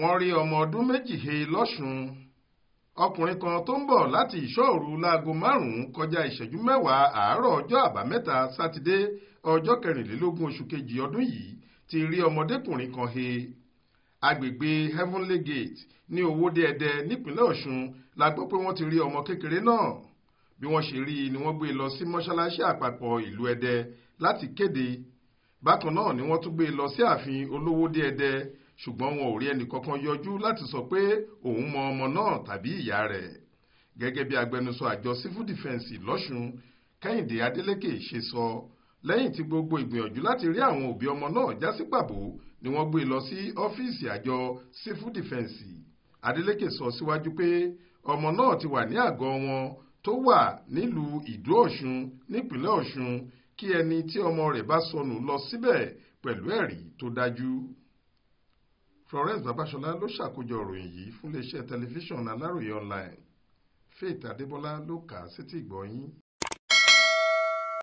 wọ́n rí ọmọ ọdún méjì he lọ́sùn ọkùnrin kan tó ń bọ̀ láti ìṣọ́òru láago márùn-ún kọjá ìṣẹ́jú mẹ́wàá àárọ̀ ọjọ́ àbámẹ́ta sátidé ọjọ́ kẹrìnlélógún oṣù kejì ọdún yìí ti rí ọmọdékùnrin kan he agbègbè heavenly gate ní owódeẹdẹ nípínlẹ̀ ọ̀ṣun la gbọ́ pé wọ́n ti rí ọmọ kékeré náà bí wọ́n ṣe rí i ni wọ́n gbé e lọ sí mọ́ṣáláṣí àpapọ̀ ìlú ẹdẹ láti kéde bákan náà ni wọ́n tún gbé e lọ sí ààfin olówódeẹdẹ ṣùgbọ́n wọn ò rí ẹnìkankan yọjú láti sọ pé òun mọ ọmọ náà tàbí ìyá rẹ̀ gẹ́gẹ́ bí agbẹnusọ àjọ civil defence lọ́ṣùn kẹ́hìndé adélékè ṣe sọ lẹ́yìn tí gbogbo ìgbìyànjú láti rí àwọn òbí ọmọ náà já sí pàbó ni wọ́n gbé e lọ sí ọ́fíìsì àjọ civil defence adélékè sọ síwájú pé ọmọ náà ti wà ní àgọ́ wọn tó wà nílùú ìdó ọ̀ṣun nípínlẹ̀ ọ̀ṣun kí ẹni tí ọmọ rẹ̀ bá sọnù lọ síbẹ̀ pẹ̀lú ẹ̀rí tó dájú. Florence Babasola ló ṣàkójọ ìròyìn yìí fún iléeṣẹ́ tẹlifíṣàn Aláròye online Faith Adébọlá ló kà á sétíìgbọ́ yín